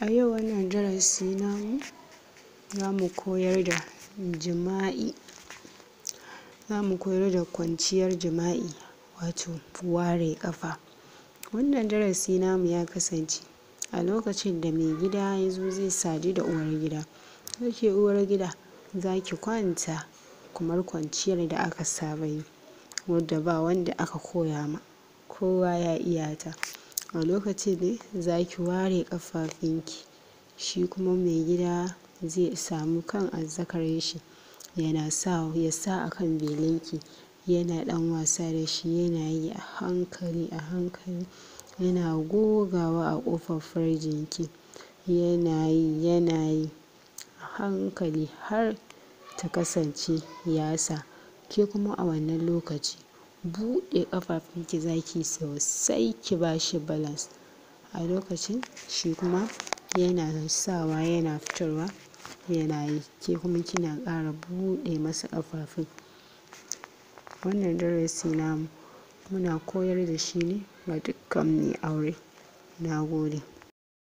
A yau wannan darasi namu zamu koyar da jima'i zamu koyar da kwanciyar jima'i wato ware ƙafa wannan darasi namu ya kasance a lokacin da mai gida zo zai sadu da uwar gida ce uwar za ki kwanta kamar kwanciyar da aka saba yi wadda ba wanda aka koya ma kowa ya iyata. a lokacin ne za ki ware kafafinki shi kuma mai gida zai samu kan azzakarin shi yana sa ya sa a kan belinki yana dan wasa da shi yana yi a hankali a hankali yana gogawa a ƙofar farjinki yana yi yana yi a hankali har ta kasance yasa ke kuma a wannan lokaci buɗe ki za ki sosai ki ba shi balans a lokacin shi kuma yana sawa yana fitarwa yana yi ke kuma kina ƙara buɗe masa ƙafafun wannan darasi namu muna koyar da shi ne ga dukkan mai aure na gode